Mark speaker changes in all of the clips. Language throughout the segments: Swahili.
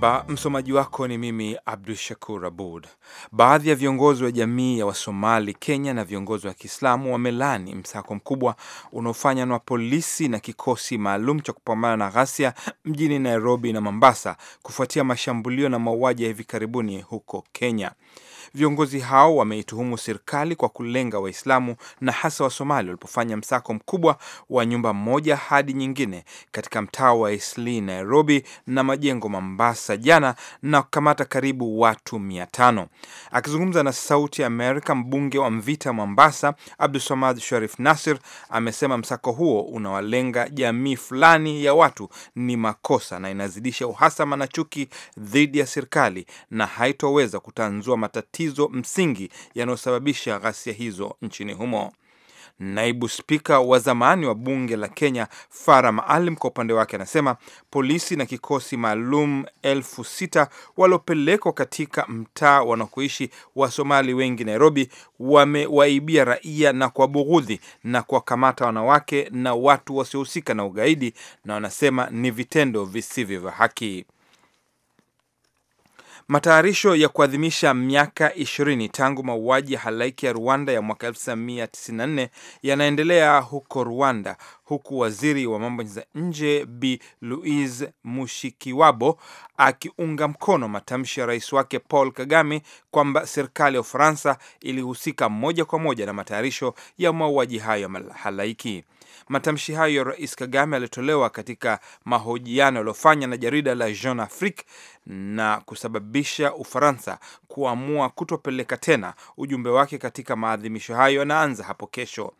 Speaker 1: ba, msomaji wako ni mimi Abdu Shakur Abud. Baadhi ya viongozi wa jamii ya Wasomali Kenya na viongozi wa Kiislamu wamelani msako mkubwa unaofanywa na polisi na kikosi maalum cha kupambana na ghasia mjini Nairobi na Mombasa kufuatia mashambulio na mauaji ya hivi karibuni huko Kenya. Viongozi hao wameituhumu serikali kwa kulenga Waislamu na hasa Wasomali walipofanya msako mkubwa wa nyumba moja hadi nyingine katika mtaa wa isli Nairobi na majengo Mombasa jana na kukamata karibu watu mia tano. Akizungumza na Sauti ya Amerika, mbunge wa Mvita Mombasa abdusamad Sharif Nasir amesema msako huo unawalenga jamii fulani ya watu ni makosa na inazidisha uhasama na chuki dhidi ya serikali na haitoweza kutanzua matatizo matatizo msingi yanayosababisha ghasia hizo nchini humo. Naibu spika wa zamani wa bunge la Kenya fara Maalim kwa upande wake anasema polisi na kikosi maalum elfu sita waliopelekwa katika mtaa wanakoishi somali wengi Nairobi wamewaibia raia na kuwabughudhi na kuwakamata wanawake na watu wasiohusika na ugaidi, na wanasema ni vitendo visivyo vya haki. Matayarisho ya kuadhimisha miaka 20 tangu mauaji ya halaiki ya Rwanda ya mwaka 1994 yanaendelea huko Rwanda, huku waziri wa mambo za nje Bi Louise Mushikiwabo akiunga mkono matamshi ya rais wake Paul Kagame kwamba serikali ya Ufaransa ilihusika moja kwa moja na matayarisho ya mauaji hayo ya halaiki. Matamshi hayo ya Rais Kagame yalitolewa katika mahojiano yaliyofanya na jarida la Jeune Afrique na kusababisha Ufaransa kuamua kutopeleka tena ujumbe wake katika maadhimisho hayo yanaanza hapo kesho.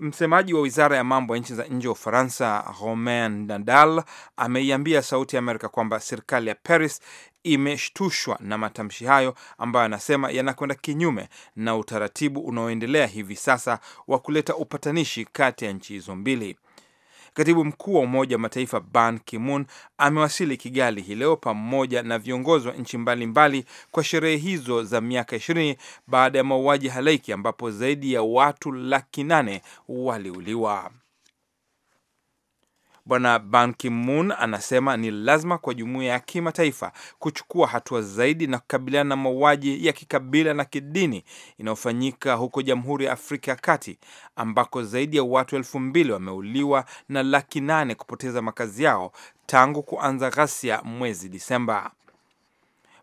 Speaker 1: Msemaji wa wizara ya mambo ya nchi za nje wa Ufaransa, Romain Nadal, ameiambia Sauti ya Amerika kwamba serikali ya Paris imeshtushwa na matamshi hayo ambayo anasema yanakwenda kinyume na utaratibu unaoendelea hivi sasa wa kuleta upatanishi kati ya nchi hizo mbili. Katibu mkuu wa Umoja wa Mataifa Ban Ki-moon amewasili Kigali hii leo pamoja na viongozi wa nchi mbalimbali kwa sherehe hizo za miaka ishirini baada ya mauaji halaiki ambapo zaidi ya watu laki nane waliuliwa. Bwana Ban Ki-moon anasema ni lazima kwa jumuiya ya kimataifa kuchukua hatua zaidi na kukabiliana na mauaji ya kikabila na kidini inayofanyika huko Jamhuri ya Afrika ya Kati ambako zaidi ya watu elfu mbili wameuliwa na laki nane kupoteza makazi yao tangu kuanza ghasia mwezi Disemba.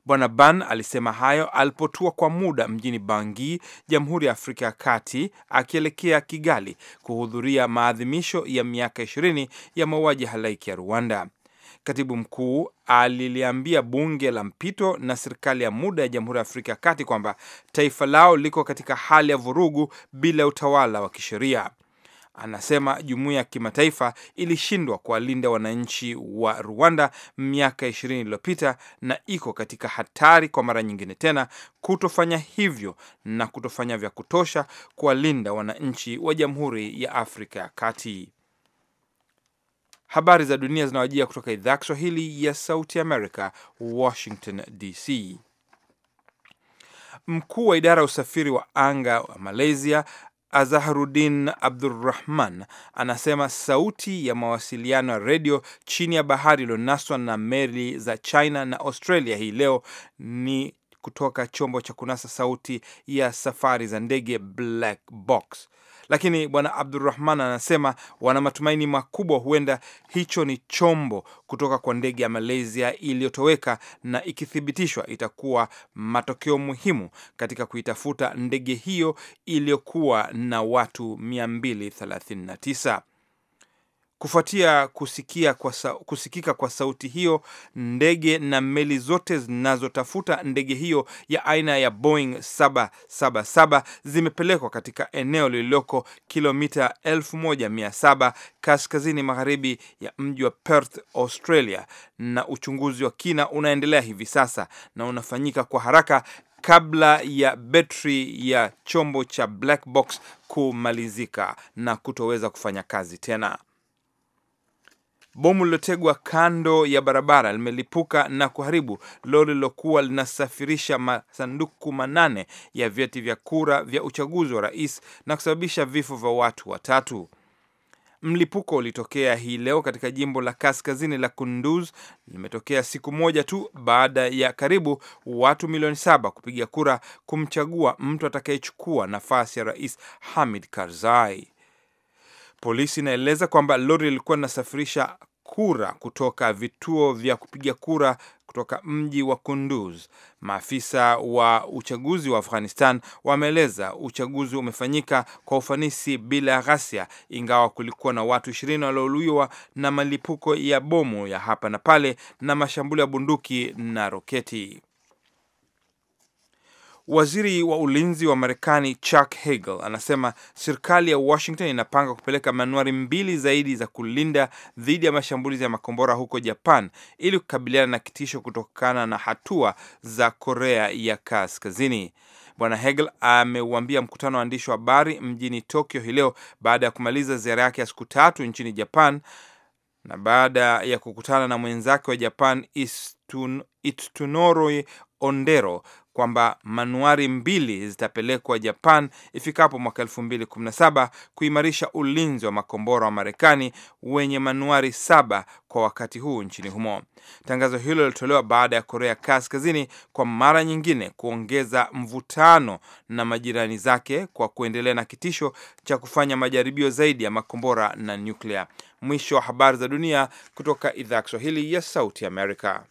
Speaker 1: Bwana Ban alisema hayo alipotua kwa muda mjini bangi Jamhuri ya Afrika ya Kati, akielekea Kigali kuhudhuria maadhimisho ya miaka ishirini ya mauaji halaiki ya Rwanda. Katibu mkuu aliliambia bunge la mpito na serikali ya muda ya Jamhuri ya Afrika ya Kati kwamba taifa lao liko katika hali ya vurugu bila utawala wa kisheria. Anasema jumuiya ya kimataifa ilishindwa kuwalinda wananchi wa Rwanda miaka ishirini iliyopita na iko katika hatari kwa mara nyingine tena kutofanya hivyo na kutofanya vya kutosha kuwalinda wananchi wa Jamhuri ya Afrika ya Kati. Habari za dunia zinawajia kutoka idhaa ya Kiswahili ya Sauti Amerika, Washington DC. Mkuu wa idara ya usafiri wa anga wa Malaysia Azahrudin Abdurrahman anasema sauti ya mawasiliano ya redio chini ya bahari iliyonaswa na meli za China na Australia hii leo ni kutoka chombo cha kunasa sauti ya safari za ndege black box. Lakini bwana Abdurrahman anasema wana matumaini makubwa, huenda hicho ni chombo kutoka kwa ndege ya Malaysia iliyotoweka, na ikithibitishwa itakuwa matokeo muhimu katika kuitafuta ndege hiyo iliyokuwa na watu 239. Kufuatia kusikia kwa sa, kusikika kwa sauti hiyo, ndege na meli zote zinazotafuta ndege hiyo ya aina ya Boeing 777 zimepelekwa katika eneo lililoko kilomita 1700 kaskazini magharibi ya mji wa Perth, Australia, na uchunguzi wa kina unaendelea hivi sasa na unafanyika kwa haraka kabla ya betri ya chombo cha black box kumalizika na kutoweza kufanya kazi tena. Bomu lilotegwa kando ya barabara limelipuka na kuharibu lori lilokuwa linasafirisha masanduku manane ya vyeti vya kura vya uchaguzi wa rais na kusababisha vifo vya watu watatu. Mlipuko ulitokea hii leo katika jimbo la kaskazini la Kunduz. Limetokea siku moja tu baada ya karibu watu milioni saba kupiga kura kumchagua mtu atakayechukua nafasi ya rais Hamid Karzai. Polisi inaeleza kwamba lori lilikuwa linasafirisha kura kutoka vituo vya kupiga kura kutoka mji wa Kunduz. Maafisa wa uchaguzi wa Afghanistan wameeleza uchaguzi umefanyika kwa ufanisi bila ya ghasia, ingawa kulikuwa na watu ishirini waliouliwa na malipuko ya bomu ya hapa na pale na mashambulio ya bunduki na roketi. Waziri wa ulinzi wa Marekani Chuck Hagel anasema serikali ya Washington inapanga kupeleka manuari mbili zaidi za kulinda dhidi ya mashambulizi ya makombora huko Japan ili kukabiliana na kitisho kutokana na hatua za Korea ya Kaskazini. Bwana hegel ameuambia mkutano wa waandishi wa habari mjini Tokyo hii leo baada ya kumaliza ziara yake ya siku tatu nchini Japan na baada ya kukutana na mwenzake wa Japan Itsunori Ondero kwamba manuari mbili zitapelekwa Japan ifikapo mwaka 2017 kuimarisha ulinzi wa makombora wa Marekani wenye manuari saba kwa wakati huu nchini humo. Tangazo hilo lilitolewa baada ya Korea Kaskazini kwa mara nyingine kuongeza mvutano na majirani zake kwa kuendelea na kitisho cha kufanya majaribio zaidi ya makombora na nyuklia. Mwisho wa habari za dunia kutoka idhaa ya Kiswahili ya Sauti Amerika.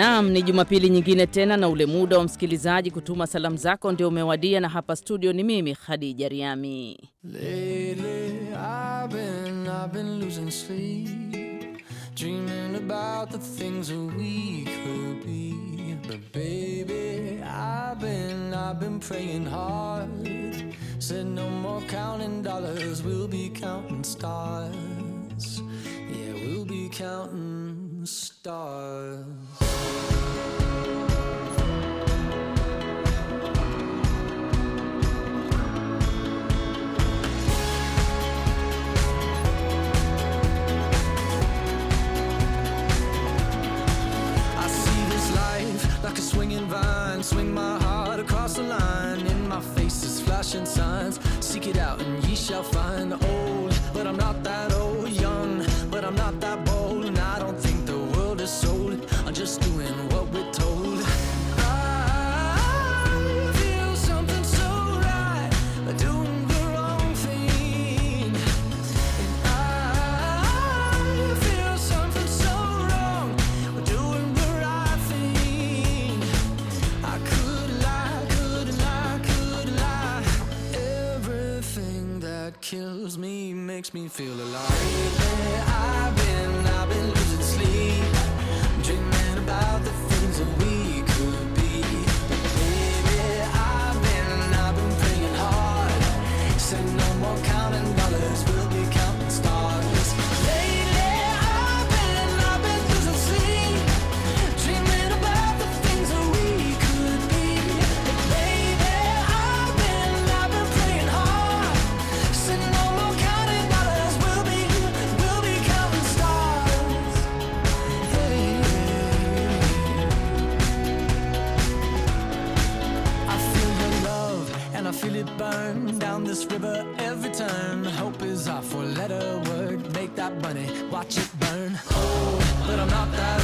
Speaker 2: Naam, ni Jumapili nyingine tena na ule muda wa msikilizaji kutuma salamu zako ndio umewadia, na hapa studio ni mimi Khadija Riami.
Speaker 3: Stars. flashing signs. Seek it out and ye shall find. Old, but I'm not that loves me makes me feel alive. I've been, I've been losing sleep, dreaming about down this river every turn Hope is our four-letter word Make that money, watch it burn Oh, but I'm not that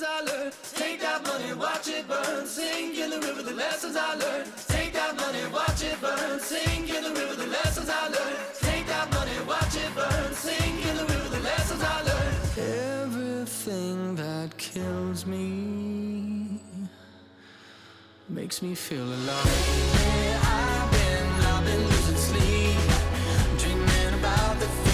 Speaker 3: lessons I learned. Take that money, watch it burn. Sing in the river the lessons I learned. Take that money, watch it burn. Sing in the river the lessons I learned. Take that money, watch it burn. Sing in the river the lessons I learned. Everything that kills me makes me feel alive. I've been, I've been losing sleep, dreaming about the.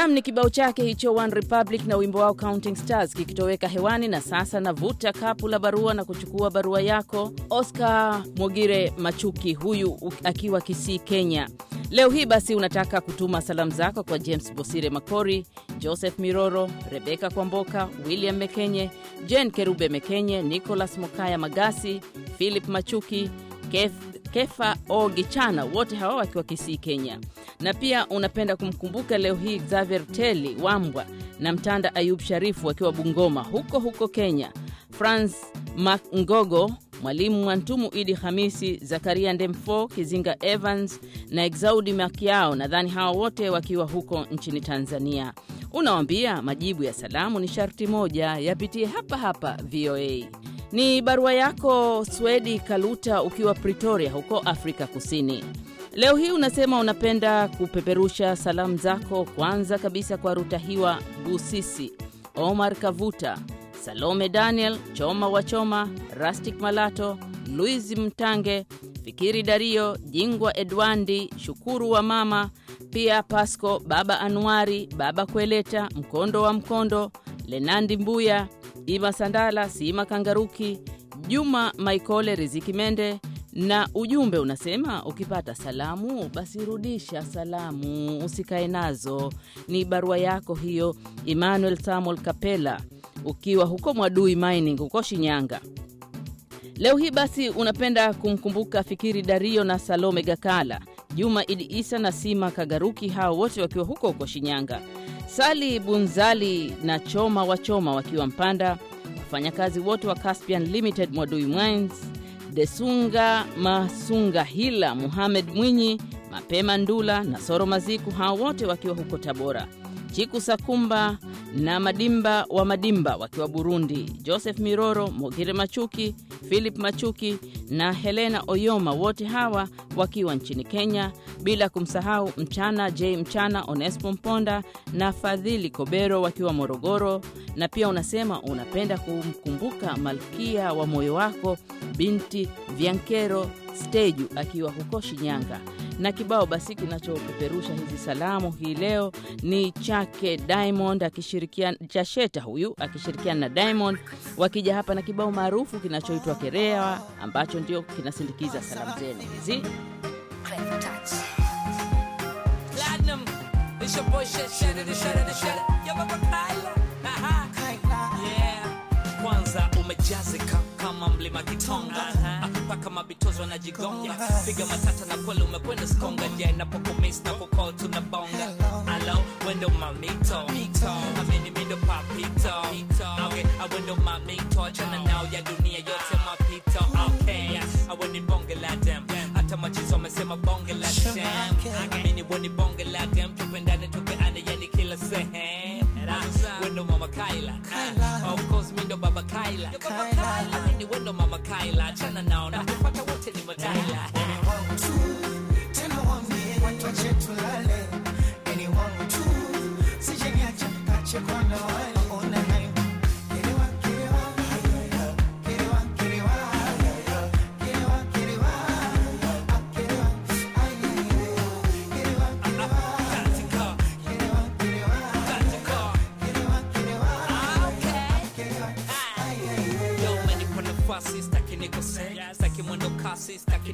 Speaker 2: Nam ni kibao chake hicho One Republic na wimbo wao Counting Stars kikitoweka hewani. Na sasa navuta kapu la barua na kuchukua barua yako Oscar Mogire Machuki, huyu akiwa Kisii, Kenya. Leo hii basi unataka kutuma salamu zako kwa James Bosire Makori, Joseph Miroro, Rebeka Kwamboka, William Mekenye, Jen Kerube Mekenye, Nicholas Mokaya Magasi, Philip Machuki, Keith Kefa Ogichana, wote hawa wakiwa Kisii, Kenya. Na pia unapenda kumkumbuka leo hii Xavier Teli Wambwa na Mtanda Ayub Sharifu wakiwa Bungoma huko huko Kenya, Franc Mangogo, Mwalimu Mwantumu, Idi Hamisi, Zakaria Ndemfo, Kizinga Evans na Exaudi Makiao. Nadhani hawa wote wakiwa huko nchini Tanzania. Unawambia majibu ya salamu ni sharti moja yapitie hapa hapa VOA. Ni barua yako Swedi Kaluta ukiwa Pretoria huko Afrika Kusini. Leo hii unasema unapenda kupeperusha salamu zako kwanza kabisa kwa Rutahiwa Busisi, Omar Kavuta, Salome Daniel, Choma wa Choma, Rastik Malato, Luis Mtange, Fikiri Dario, Jingwa Edwandi, Shukuru wa mama, pia Pasco, Baba Anuari, Baba Kweleta, Mkondo wa Mkondo, Lenandi Mbuya Dima Sandala, Sima Kangaruki, Juma Maikole, Riziki Mende na ujumbe unasema ukipata salamu basi rudisha salamu, usikae nazo. Ni barua yako hiyo, Emmanuel Samuel Kapela, ukiwa huko Mwadui Mining huko Shinyanga. Leo hii basi unapenda kumkumbuka Fikiri Dario na Salome Gakala, Juma Idi Isa na Sima Kagaruki, hao wote wakiwa huko huko Shinyanga. Sali Bunzali na Choma Wachoma wakiwa Mpanda, wafanyakazi wote wa Caspian Limited Mwadui Mines, Desunga Masunga Hila, Muhamed Mwinyi, Mapema Ndula na Soro Maziku, hao wote wakiwa huko Tabora. Chiku Sakumba na Madimba wa Madimba wakiwa Burundi, Joseph Miroro, Mogire Machuki, Philip Machuki na Helena Oyoma, wote hawa wakiwa nchini Kenya, bila kumsahau Mchana J Mchana, Onespo Mponda na Fadhili Kobero wakiwa Morogoro. Na pia unasema unapenda kumkumbuka malkia wa moyo wako binti Vyankero Steju akiwa huko Shinyanga, na kibao basi kinachopeperusha hizi salamu hii leo ni chake Diamond akishirikiana Chasheta, huyu akishirikiana na Diamond wakija hapa na kibao maarufu kinachoitwa Kerewa ambacho ndio kinasindikiza salamu zenu hizi.
Speaker 4: Kwanza umejazika kama mlima Kitonga uh -huh. akipaka mabitozo na jigonga piga matata na kweli umekwenda sikonga je napokumis na kukol tuna bonga alo wendo mamito amini mindo papito okay awendo mamito chana nao ya dunia yote mapito okay aweni bonge la dem hata machizo amesema bonge la dem amini weni bonge la dem tupendane tupeane yani kila sehemu wendo mama Kaila of course, mindo baba Kaila. Kaila. Kaila. Nini wendo mama Kaila. Chana naona. Nakupata wote ni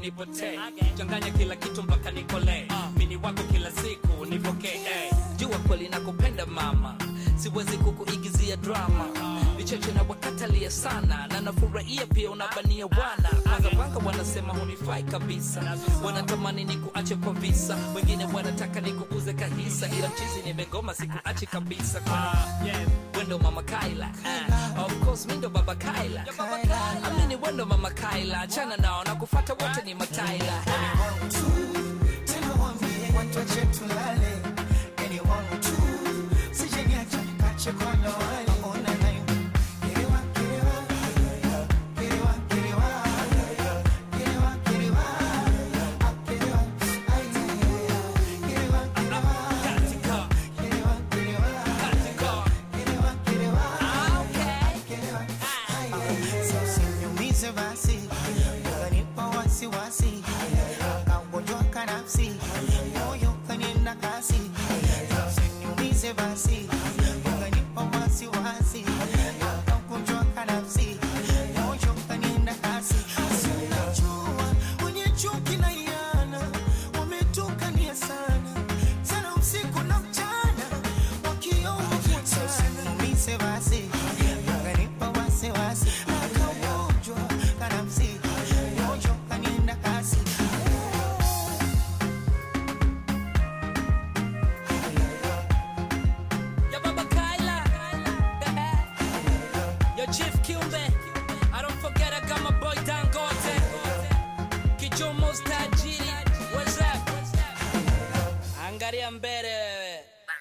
Speaker 4: nipotee, changanya kila kitu mpaka nikole uh. mini wako kila siku nipokee, hey. jua kweli nakupenda mama, siwezi kukuigizia drama uh. na wakatalia sana na nafurahia pia unabania wana wanga wanasema hunifai kabisa, wanatamani kuache kwa visa, wengine wanataka nikuuze kahisa, ila chizi nimegoma, sikuache kabisa uh, yeah. wendo mama Kaila uh, of course mindo baba Kaila, amini wendo mama Kaila, achana nao
Speaker 3: Chacoalho, Chacoalho.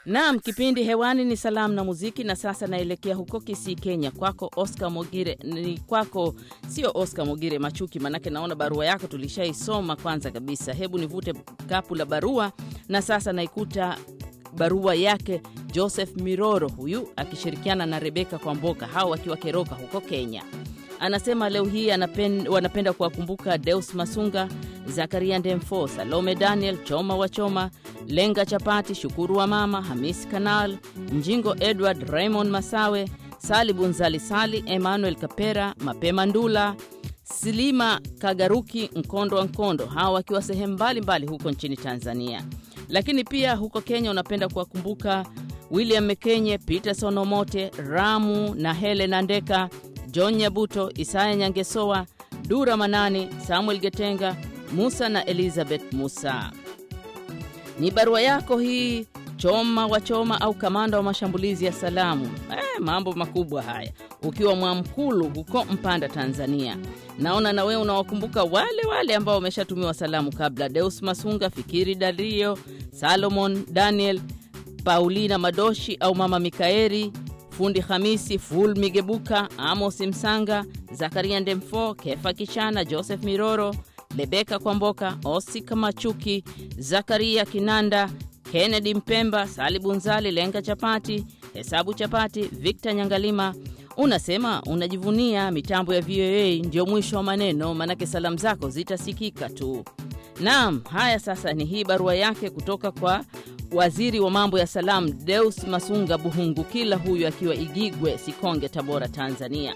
Speaker 2: Naam, kipindi hewani ni salamu na muziki, na sasa naelekea huko Kisii, Kenya, kwako Oscar Mogire. Ni kwako, sio Oscar Mogire Machuki, manake naona barua yako tulishaisoma kwanza kabisa. Hebu nivute kapu la barua, na sasa naikuta barua yake Joseph Miroro, huyu akishirikiana na Rebeka Kwamboka, hao wakiwa Keroka huko Kenya anasema leo hii anapen, wanapenda kuwakumbuka Deus Masunga, Zakaria Ndemfo, Salome Daniel, Choma wa Choma, Lenga Chapati, Shukuru wa Mama, Hamis Kanal, Njingo Edward, Raymond Masawe, Bunzali, Sali, Emmanuel Kapera, Mapema Ndula, Silima Kagaruki, Nkondo wa Nkondo, hawa wakiwa sehemu mbalimbali huko nchini Tanzania. Lakini pia huko Kenya unapenda kuwakumbuka William Mekenye, Peterson Omote, Ramu na Helena Ndeka, John Nyabuto, Isaya nyangesoa Dura Manani, Samuel Getenga, Musa na Elizabeth Musa. Ni barua yako hii, choma wa choma au kamanda wa mashambulizi ya salamu. Eh, mambo makubwa haya, ukiwa Mwamkulu huko Mpanda, Tanzania. Naona na wewe unawakumbuka wale wale ambao wameshatumiwa salamu kabla: Deus Masunga, Fikiri Dario, Salomon Daniel, Paulina Madoshi au Mama mikaeri Fundi Hamisi Ful Migebuka, Amos Msanga, Zakaria Ndemfo, Kefa Kichana, Joseph Miroro, lebeka Kwamboka, Osika machuki Zakaria Kinanda, Kennedy Mpemba, Salibu Nzali, Lenga Chapati, Hesabu Chapati, Victor Nyangalima. Unasema unajivunia mitambo ya VOA. ndio mwisho wa maneno, manake salamu zako zitasikika tu. Naam, haya sasa ni hii barua yake kutoka kwa Waziri wa mambo ya salamu Deus Masunga buhungu kila huyu akiwa Igigwe, Sikonge, Tabora, Tanzania.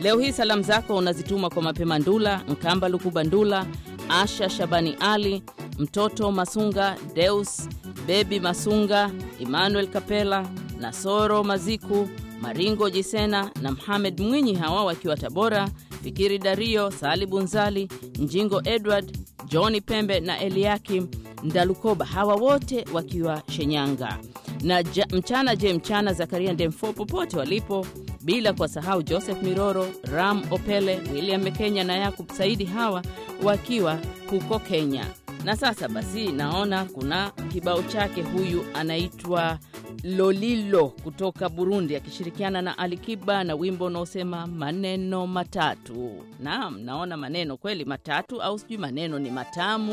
Speaker 2: Leo hii salamu zako unazituma kwa Mapema Ndula, Nkamba Lukuba Ndula, Asha Shabani Ali, mtoto Masunga, Deus Bebi Masunga, Emmanuel Kapela, Nasoro Maziku, Maringo Jisena na Mohamed Mwinyi, hawa wakiwa Tabora Fikiri Dario, Bunzali, Njingo Edward, Johni Pembe na Eliakim Ndalukoba, hawa wote wakiwa Shinyanga na ja, mchana je mchana Zakaria Ndemfo popote walipo, bila kuwasahau Joseph Miroro, Ram Opele, William Mkenya na Yakub Saidi, hawa wakiwa huko Kenya. Na sasa basi, naona kuna kibao chake, huyu anaitwa Lolilo kutoka Burundi akishirikiana na Alikiba na wimbo unaosema maneno matatu. Naam, naona maneno kweli matatu, au sijui maneno ni matamu.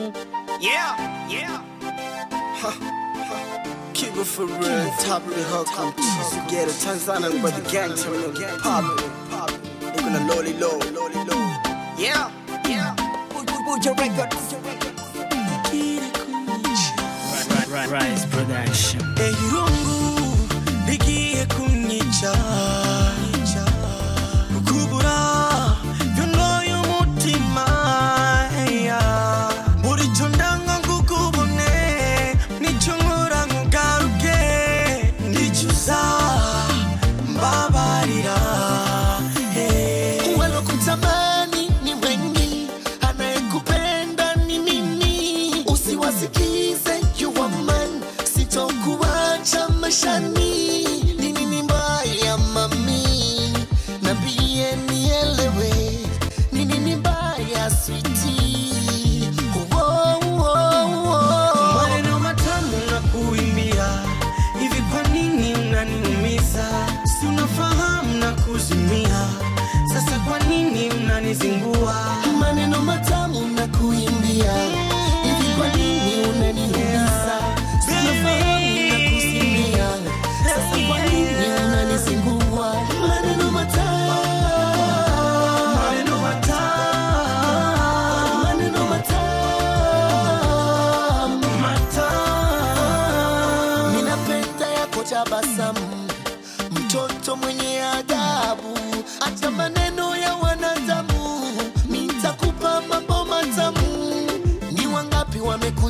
Speaker 2: Yeah, yeah. Ha, ha. for real, top of the hook,
Speaker 3: I'm Yeah, yeah, Rise Production. Hey, irungu rigiye kunyica Shani.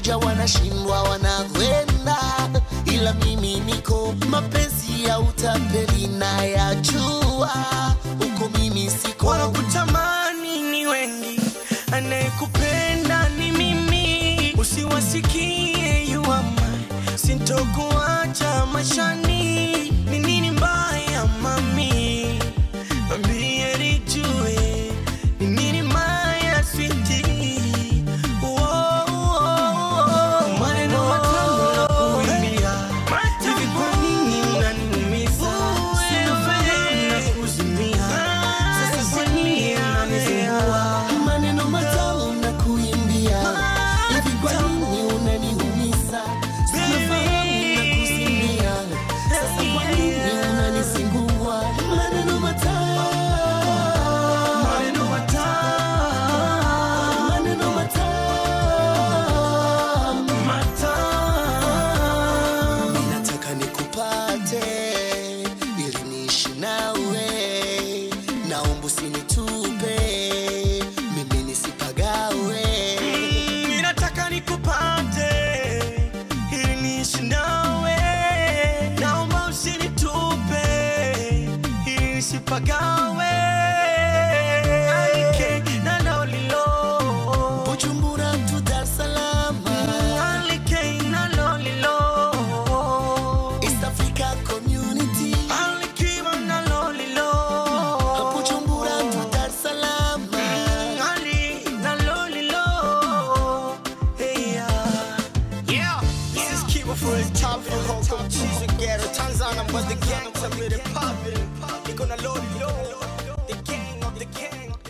Speaker 3: kuja wanashindwa wanakwenda, ila mimi niko mapenzi ya utapeli na ya jua huko, mimi siko. Wanakutamani ni wengi, anayekupenda ni mimi, usiwasikie yuama, sintokuacha mashani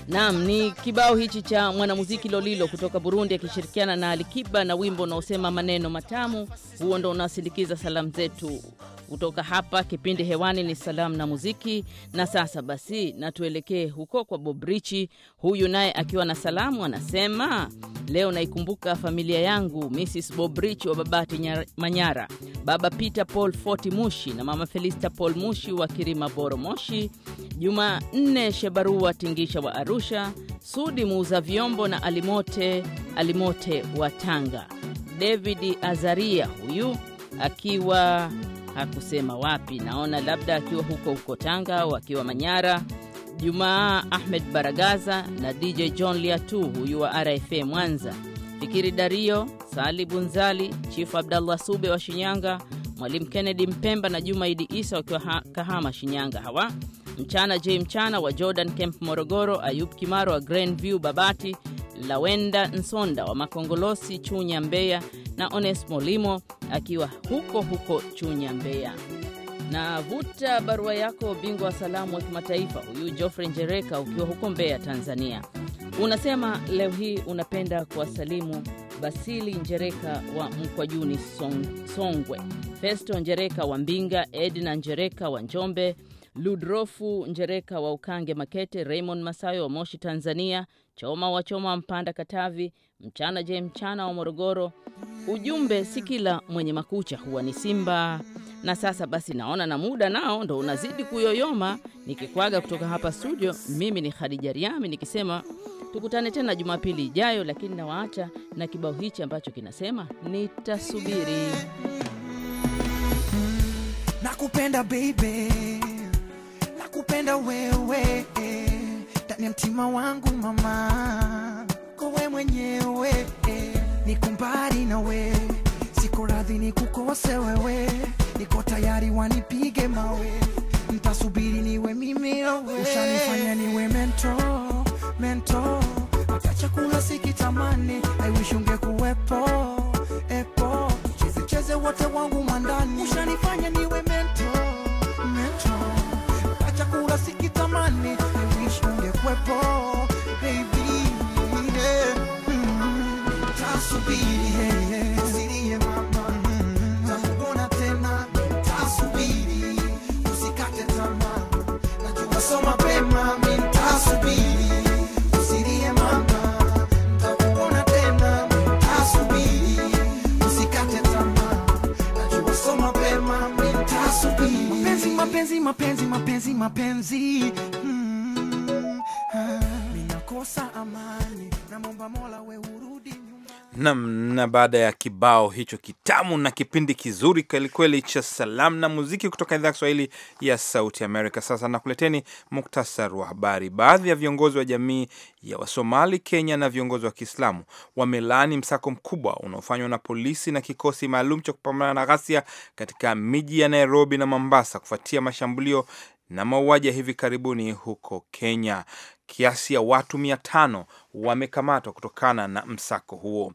Speaker 2: Naam, ni kibao hichi cha mwanamuziki Lolilo kutoka Burundi akishirikiana na Alikiba na wimbo unaosema maneno matamu. Huo ndo unasindikiza salamu zetu kutoka hapa kipindi hewani ni salamu na muziki, na sasa basi na tuelekee huko kwa Bobrichi. Huyu naye akiwa na salamu anasema, leo naikumbuka familia yangu Mrs Bobrichi wa Babati Manyara, baba Peter Paul Foti Mushi na mama Felista Paul Mushi wa Kirima Boro Moshi, Juma Nne Shebarua Tingisha wa Arusha, Sudi muuza vyombo na Alimote Alimote wa Tanga, David Azaria huyu akiwa hakusema wapi. Naona labda akiwa huko huko Tanga au akiwa Manyara. Jumaa Ahmed Baragaza na DJ John Liatu, huyu wa RFA Mwanza, Fikiri Dario, Sali Bunzali, Chifu Abdallah Sube wa Shinyanga, Mwalimu Kennedy Mpemba na Juma Idi Isa wakiwa Kahama, Shinyanga. Hawa mchana J mchana wa Jordan Camp Morogoro, Ayub Kimaro wa View Babati, Lawenda Nsonda wa Makongolosi Chunya Mbeya na Onesmo Limo akiwa huko huko Chunya, Mbeya. Na vuta barua yako, bingwa wa salamu wa kimataifa huyu Jofre Njereka ukiwa huko Mbeya, Tanzania. Unasema leo hii unapenda kuwasalimu Basili Njereka wa Mkwajuni Song, Songwe, Festo Njereka wa Mbinga, Edna Njereka wa Njombe, Ludrofu Njereka wa Ukange Makete, Raymond Masayo wa Moshi Tanzania, Choma wa Choma Mpanda Katavi, Mchana je mchana wa Morogoro, ujumbe si kila mwenye makucha huwa ni simba. Na sasa basi, naona na muda nao ndo unazidi kuyoyoma, nikikwaga kutoka hapa studio, mimi ni Khadija Riami nikisema tukutane tena Jumapili ijayo, lakini nawaacha na kibao hichi ambacho kinasema nitasubiri. Nakupenda baby, nakupenda wewe,
Speaker 3: ndani ya mtima wangu mama mwenyewe niko mbali na we, siko radhi kukose wewe, niko tayari wanipige mawe, ntasubiri niwe mimi na wewe. Ushanifanya niwe mento mento, hata chakula sikitamani. I wish ungekuwepo epo, cheze cheze wote wangu mwandani. Ushanifanya niwe mento mento, hata chakula sikitamani. I wish ungekuwepo disobedience.
Speaker 1: Nam, na baada ya kibao hicho kitamu na kipindi kizuri kwelikweli cha salamu na muziki kutoka idhaa ya Kiswahili ya Sauti Amerika, sasa nakuleteni muktasar wa habari. Baadhi ya viongozi wa jamii ya Wasomali, Kenya na viongozi wa Kiislamu wamelaani msako mkubwa unaofanywa na polisi na kikosi maalum cha kupambana na ghasia katika miji ya Nairobi na Mombasa kufuatia mashambulio na mauaji ya hivi karibuni huko Kenya. Kiasi ya watu mia tano wamekamatwa kutokana na msako huo.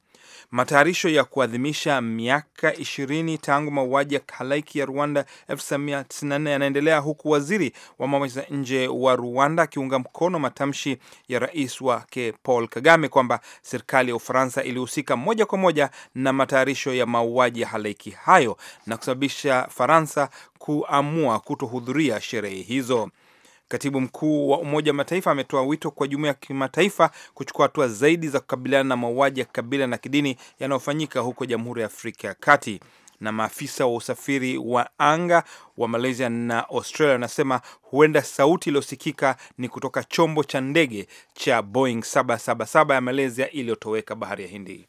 Speaker 1: Matayarisho ya kuadhimisha miaka ishirini tangu mauaji ya halaiki ya Rwanda 1994 yanaendelea huku waziri wa mambo ya nje wa Rwanda akiunga mkono matamshi ya rais wake Paul Kagame kwamba serikali ya Ufaransa ilihusika moja kwa moja na matayarisho ya mauaji ya halaiki hayo na kusababisha Faransa kuamua kutohudhuria sherehe hizo. Katibu mkuu wa Umoja wa Mataifa ametoa wito kwa jumuiya ya kimataifa kuchukua hatua zaidi za kukabiliana na mauaji ya kikabila na kidini yanayofanyika huko Jamhuri ya Afrika ya Kati. Na maafisa wa usafiri wa anga wa Malaysia na Australia wanasema huenda sauti iliyosikika ni kutoka chombo cha ndege cha Boeing 777 ya Malaysia iliyotoweka bahari ya Hindi.